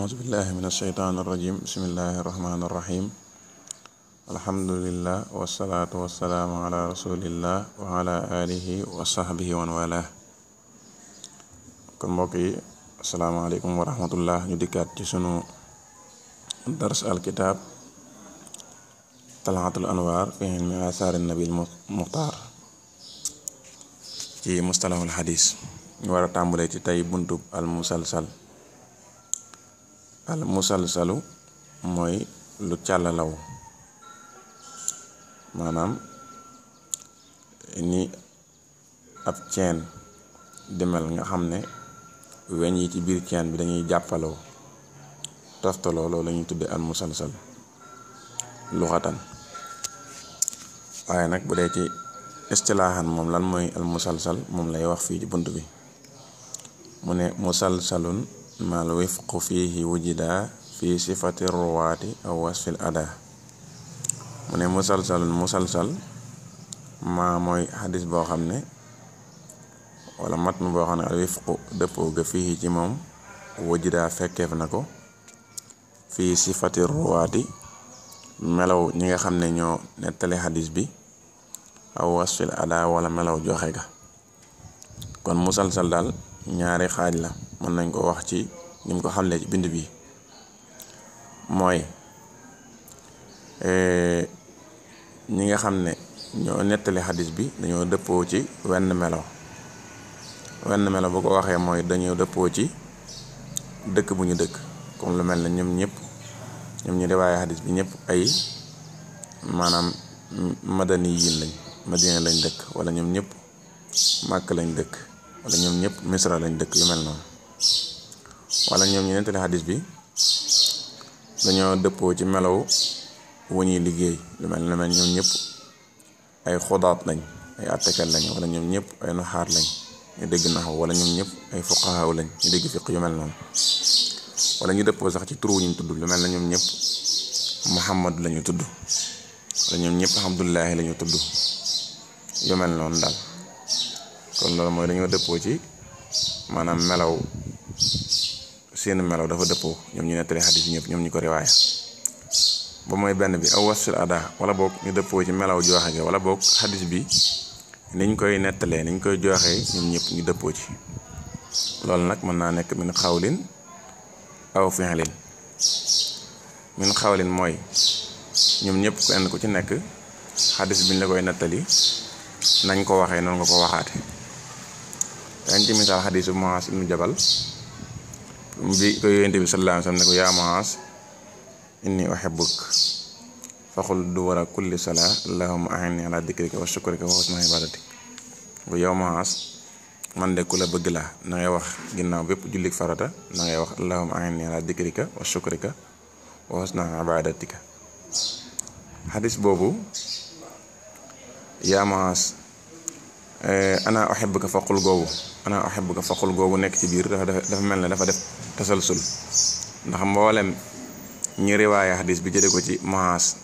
أعوذ بالله من الشيطان الرجيم بسم الله الرحمن الرحيم الحمد لله والصلاة والسلام على رسول الله وعلى آله وصحبه ومن والاه كمبوكي السلام عليكم ورحمة الله نديكات جسنو درس الكتاب طلعة الأنوار في علم آثار النبي المختار في مصطلح الحديث ورطان بليتي تاي المسلسل al Musal mooy lu càllalaw maanaam ni ab ceen demel nga xam ne weñ yi ci bir ceen bi dañuy jàppaloo toftaloo loolu lañuy al Musal salu waaye nag bu dee ci istilaaxan lan mooy al Musal moom lay wax fii ci buntu bi mune Musal Salun. mal wifqu fiihi wujida fii sifati ruwaati aw wasfil ada mu ne musalsal musalsal maa mooy xadis boo xam ne wala matn boo xam ne al wifqu dëppoo ga fii ci moom wujida fekkeef na ko fii sifati ruwaati melaw ñi nga xam ne ñoo nettali xadis bi aw wasfil ada wala melaw joxe ga kon musalsal daal ñaari xaaj la mën nañ ko wax ci ñum mu ko xamlee ci bind bi mooy eh, ñi nga xam ne ñoo nettali xadis bi dañoo dëppoo ci wenn melo wenn melo bu ko waxee mooy dañoo dëppoo ci dëkk bu ñu dëkk comme lu mel ne ñoom ñëpp ñoom ñu riwaaye xadis bi ñëpp ay maanaam madani yiin lañ madina lañ dëkk wala ñoom ñëpp màkk lañ dëkk ba ñoom ñëpp misra lañ dëkk yu mel noonu wala ñoom ñu nettali xadis bi dañoo dëppoo ci melaw wu ñuy liggéey lu mel ne mel ñoom ñëpp ay xodaat lañ ay attekat lañ wala ñoom ñëpp ay naxaar lañ ñu dégg naxaw wala ñoom ñëpp ay fuqahaaw lañ ñu dégg fiq yu mel noonu wala ñu dëppoo sax ci turu ñu tudd lu mel ne ñoom ñëpp Muhammad lañu tudd wala ñoom ñëpp Alhamdulilah lañu tudd yu mel noonu daal. kon loolu mooy dañoo dëppoo ci maanaam melaw seen melow dafa dëppoo ñoom ñu nettali xadis yi ñëpp ñoom ñu ko riwaaya ba mooy benn bi aw wasil ada wala boog ñu dëppoo ci melaw jooxe ga wala boog xadis bi niñ koy nettalee niñ koy jooxee ñoom ñëpp ñu dëppoo ci loolu nag mën naa nekk min xawlin aw fi'lin min xawlin mooy ñoom ñëpp kenn ku ci nekk xadis biñ la koy nettali nañ ko waxee noonu nga ko waxaate ci misaal xadiisu Muaas ibnu Jabal bi ko yonent bi sallallaahu alayhi wa sallam ne ko yaa Muaas inni uhibbuk faqul dubura kulli salaa allahumma a'inni alaa dikrika wa shukrika wa husni ibaadatik bu yow Muaas man de ku la bëgg laa na ngay wax ginnaaw bépp jullik farata na ngay wax allahumma a'inni alaa dikrika wa shukrika wa husni ibaadatika xadis boobu yaa Muaas ana uhibbuka faqul googu ana uhibbuka faqul googu nekk ci biir dafa dafa mel ne dafa def tasalsul ndax mboolem ñi riwaaya xadis bi jële ko ci Muaas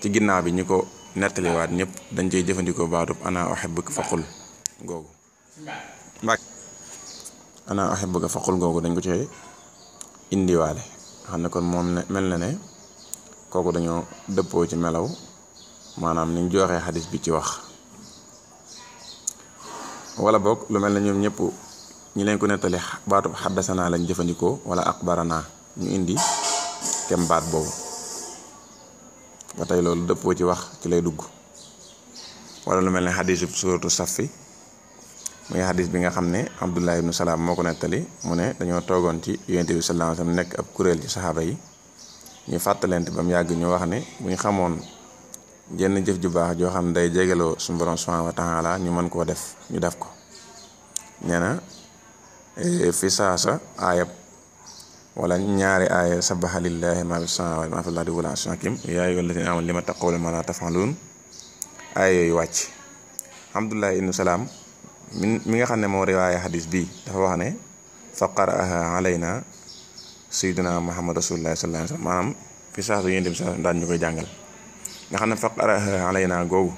ci ginnaaw bi ñi ko nettaliwaat ñépp dañ cey jëfandikoo baatub ana uhibbuka faqul googu mbak ana uhibbuka faqul googu dañ ko ci indiwaale xam ne kon moom mel na ne kooku dañoo dëppoo ci melaw maanaam niñ joxee xadis bi ci wax wala boog lu mel na ñoom ñëpp ñu leen ko nettali baatu naa lañ jëfandikoo wala naa ñu indi kem baat boobu ba tey loolu dëppoo ci wax ci lay dugg walla lu mel ne xadiisu suuratu safi muy xadis bi nga xam ne Abdullah ibnu Salaam moo ko nettali mu ne dañoo toogoon ci yonent bi sallallahu alayhi wasallam nekk ab kuréel ci saxaaba yi ñu fàttalante ba yàgg ñu wax ne bu ñu xamoon jenn jëf ju baax joo xam day jegeloo suñu borom subhanahu wa taala ñu mën koo def ñu def ko nee na eh, fi saasa aayab wala ñaari aaya sabaxa lillahi ma fi samawati ma fi ladi wala asnakim ya ayyuha alladina amanu lima taqulu ma la tafalun aaya yooyu wàcc alhamdulilah ibnu salaam mi nga xam ne moo riwaaya xadis bi dafa wax ne fa qara'aha alayna sayyidina muhammad rasulullah sallallahu alayhi wa sallam maanaam fi saasa yéen dem saasa daan ñu koy jàngal nga xam ne faqaraha alaynaa googu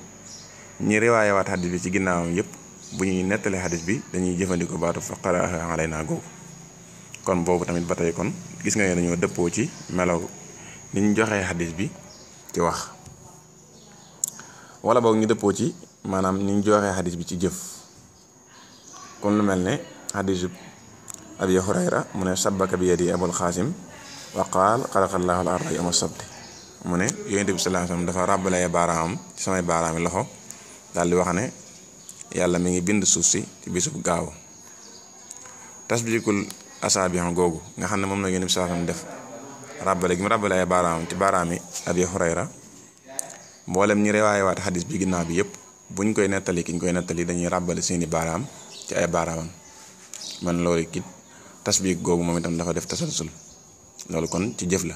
ñi waat xadis bi ci ginnaawam yëpp bu ñuy nettali xadis bi dañuy jëfandikoo baatu faqaraha alaynaa googu kon boobu tamit ba tey kon gis nga ne dañoo dëppoo ci melaw ni ñu joxee xadis bi ci wax walla boog ñu dëppoo ci maanaam ni ñu joxee xadis bi ci jëf kon lu mel ne xadis abi hurayra mu ne sabbaka bi yadi abul xaasim wa qaal xalaqallaahu al arda yawma sabti mu ne yonent bi sallallahu alayhi wasallam dafa ràbbalee baaraamam ci samay baaraami loxo daal di wax ne yàlla mi ngi bind suuf si ci bisub gaaw tasbikul asaabihan googu nga xam ne moom la yonent bi sallallahu def ràbbale gi mu ràbbalee baaraamam ci baaraami Abi ra mboolem ñi rewaayewaat xadis bi ginnaaw bi yépp buñ koy nettali ki ñu koy nettali dañuy ràbbale seeni baaraam ci ay baaraamam man loolu kit tasbik googu moom itam dafa def tasalsul loolu kon ci jëf la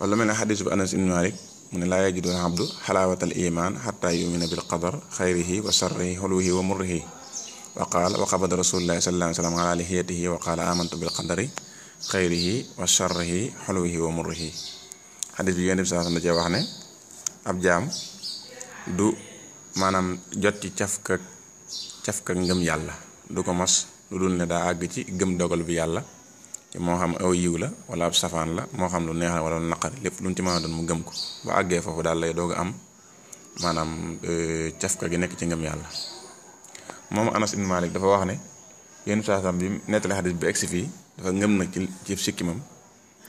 ولا من حديث أنس بن مالك من لا يجد العبد حلاوة الإيمان حتى يؤمن بالقدر خيره وشره حلوه ومره وقال وقبض رسول الله صلى الله عليه وسلم على لحيته وقال آمنت بالقدر خيره وشره حلوه ومره حديث bi yonent bi saa da cee wax ne ab jaam du maanaam jot ci cafka cafka ngëm yàlla du ko mos lu dul ne daa àgg ci gëm dogal bi yàlla moo xam aw yiw la wala ab safaan la moo xam lu neex la wala lu naqari lépp lu mu ci mën mu gëm ko ba àggee foofu daal lay doog am maanaam euh, cafka gi nekk ci ngëm yàlla moom Anas ibn dafa wax ne yéen saasam bi nettali xadis bi egsi fii dafa ngëm nag ci ci sikkimam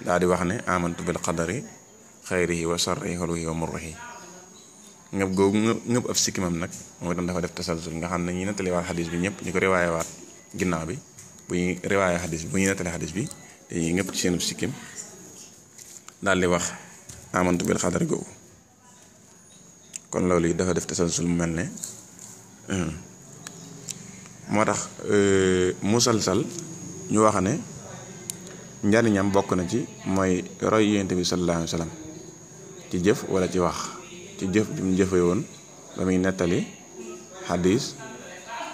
daal di wax ne amantu bil qadari xayrihi wa sarrihi xuluhi wa murrihi ngëb googu ngëb ab sikkimam nag moom itam dafa def tasalsul nga xam ne ñi nettali waat xadis bi ñëpp ñu ko riwaaye waat ginnaaw bi bu ñuy riwaaya xadis bi bu ñuy nettali xadis bi dañuy ñëpp ci seen sikkim daal di wax amantu bil xadar googu kon loolu yi dafa def tasalsul mu mel ne hmm. moo tax euh, musalsal ñu wax ne njariñam bokk na ci mooy roy yonent bi sallallahu alayhi ci jëf wala ci wax ci jëf jum jëfe woon ba nettali xadis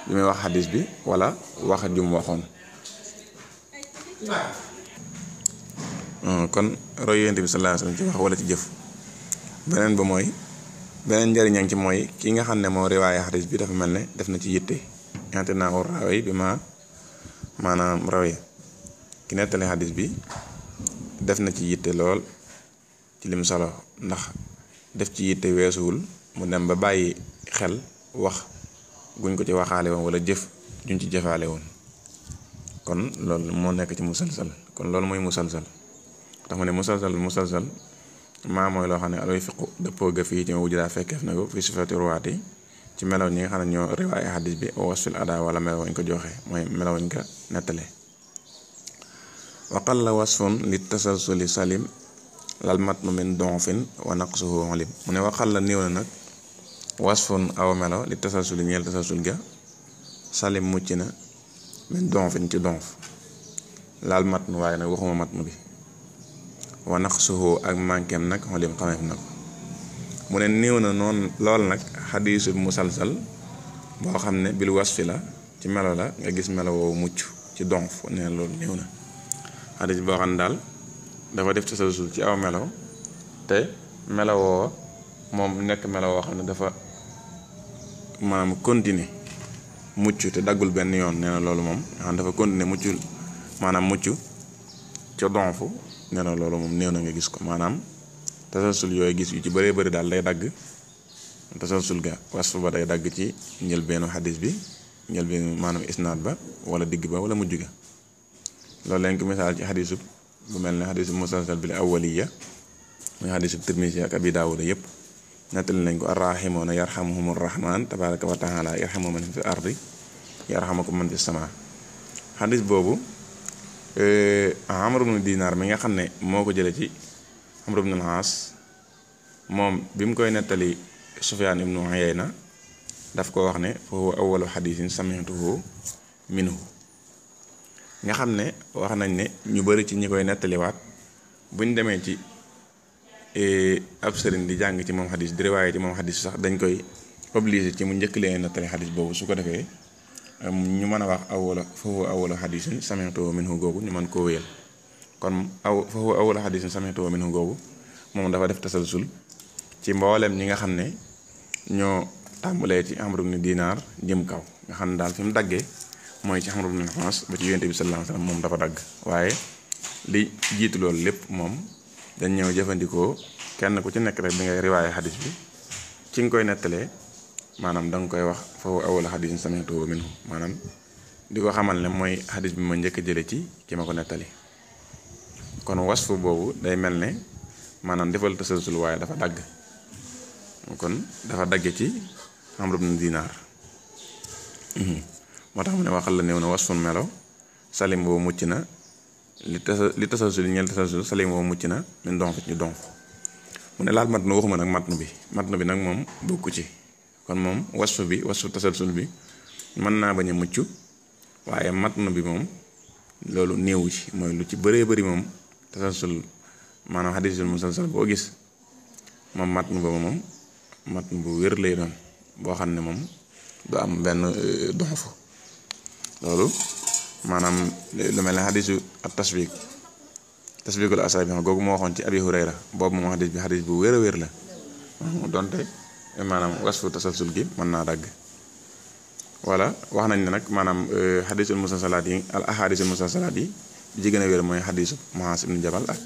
li may wax xadis bi wala wax ju mu waxoon hmm, kon roy yonent bi sallallahu alayhi wasallam ci wax wala ci jëf beneen ba mooy beneen njëriñam ci mooy ki nga xam ne moo riwaaye xadis bi dafa mel ne def na ci yitte ñaate naa ko rawee bi ma maanaam rawee ki nettali xadis bi def na ci yitte lool ci lim solo ndax def ci yitte weesuwul mu dem ba bàyyi xel wax guñ ko ci waxale won wala jëf duñ ci jëfale won kon lool mo nekk ci musalsal kon lool moy musalsal tax mo ne musalsal musalsal ma moy lo xam ne alooy fiqu dëppoo ga fii ci mo wujira fekkeef na ko fi sifati ruwati ci melaw ñi nga xam ne ñoo riwaaye xadis bi wasfil ada wala melaw wañ ko joxe moy melaw wañ ka netale waqal la wasfun li tasalsuli salim lal mat mu min donfin wa naqsuhu olim mu ne waqal la néew na wasfun aw melo li tasasul ñeel tasasul ga salim mucc na min donfin ci donf laal matn waaye nag waxuma matn bi wa naqsuhu ak manquem nag xolim xameef na ko mu ne néew na noonu lool nag xadisul musalsal boo xam ne bil wasfi la ci melo la nga gis melo woowu mucc ci donf ne loolu néew na xadis boo xam ne daal dafa def tasasul ci aw melo te melo woo moom nekk melo woo xam ne dafa maanaam continuer mucc te daggul benn yoon nee na loolu moom nga xam dafa continuer muccul maanaam mucc ca donf nee na loolu moom néew na nga gis ko maanaam tasalsul yooyu gis yu ci bëree bëri daal day dagg tasalsul ga wasf ba day dagg ci njëlbeenu xadis bi njëlbeenu maanaam isnaad ba wala digg ba wala mujj ga loolu lañ ko misaal ci xadisu bu mel ne xadisu musalsal bil awwaliya muy xadisu tirmisi ak abi daawuda yépp nettali nañ ko arrahimoona yarhamuhum arrahman tabaraka wa taala yarhamu man fi ardi ko man fi sama xadis boobu e, amr ibnu mi nga xam ne moo ko jële ci amr ibnu al-aas moom bi mu koy nettali sufyaan ibnu uyayna daf ko wax ne fa huwa awalu xadisin samituhu nga xam ne wax nañ ne ñu bari ci ñi koy nettaliwaat buñ demee ci E, ab sëriñ di jàng ci moom xadis di riwaaye ci moom xadis sax dañ koy obligé ci mu njëkk leen nattali xadis boobu su ko defee ñu mën a wax awwala fa huwa awwala xadisin sami'tuhu minhu googu ñu man koo wéyal kon aw fa huwa awwala xadisin sami'tuhu minhu googu moom dafa def tasalsul ci mboolem ñi nga xam ne ñoo tàmbalee ci Amru bnu Dinaar jëm kaw nga xam ne daal fi daggee mooy ci Amru bnu Al-As ba bi sallallahu alayhi wa moom dafa dagg waaye li jiitu loolu lépp moom dañ ñëw jëfandikoo kenn ku ci nekk rek bi ngay riwaaye xadis bi ci nga koy nettalee maanaam danga koy wax foofu awal xadisin sami'tuhu minhu maanaam di ko xamal ne mooy xadis bi ma njëkk a jële ci ki ma ko nettali kon wasfu boobu day mel ne maanaam defal tasalsul waaye dafa dagg kon dafa dagge ci Amr ibn Dinaar moo tax mu ne waxal la néew na wasfun melo salim boobu mucc na li tasa li tasasul ñeel tasasul sali moom mucc na min donf ñu donf mu ne laal mat na waxuma nag matnu bi matnu bi nag moom bokku ci kon moom wasfu bi wasfu tasalsul bi mën naa bañ a mucc waaye matnu bi moom loolu néewu ci mooy lu ci bëree bëri moom tasalsul maanaam xadisul musalsal boo gis moom matnu ba moom matnu bu wér lay doon boo xam ne moom am benn euh, donf loolu maanaam lu mel ne xadisu ak tasbiik tasbiikul asaabi googu moo waxoon ci abi hurayra boobu moom xadis bi xadis bu wér wéer wér la donte maanaam wasfu tasalsul gi mën naa dagg voilà wax nañ ne nag maanaam euh, xadisul musalsalaat yi al ahadisul musalsalaat yi bi ci gën a wér mooy xadisu Muaas ibnu Jabal ak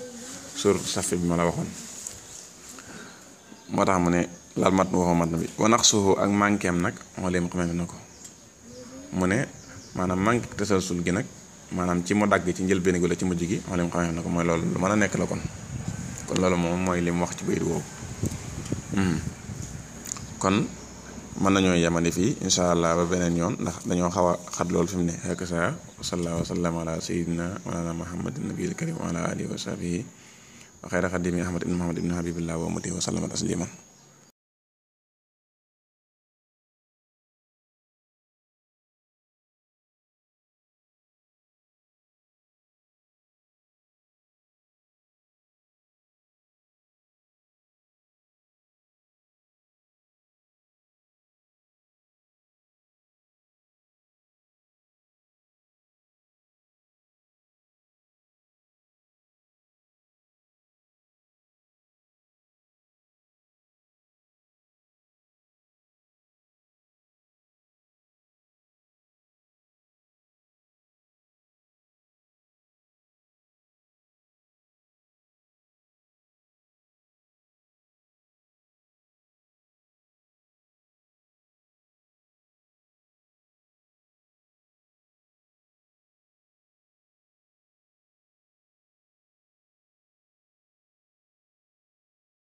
sur safi bi ma la waxoon moo tax mu ne laal mat nu waxu mat na bi wanaq suuxu ak manqueem nag moo leen xamante na mu ne maanaam manque tasalsul gi nag maanaam ci mu dagg ci njëlbéen gi la ci mujj gi maanaam xam na ko mooy loolu lu mën a nekk la kon kon loolu moom mooy li mu wax ci bayit woowu hmm. kon mën nañoo yemandi fii incha allah ba beneen yoon ndax dañoo xaw a xat loolu fi mu ne ak saa wasallaahu wasallam ala sayyidina walana muhammadin nabiyil karim wa ala alihi wa sahbihi wa xayra xadimi ahmad ibn muhammad ibn habibillah wa mati wa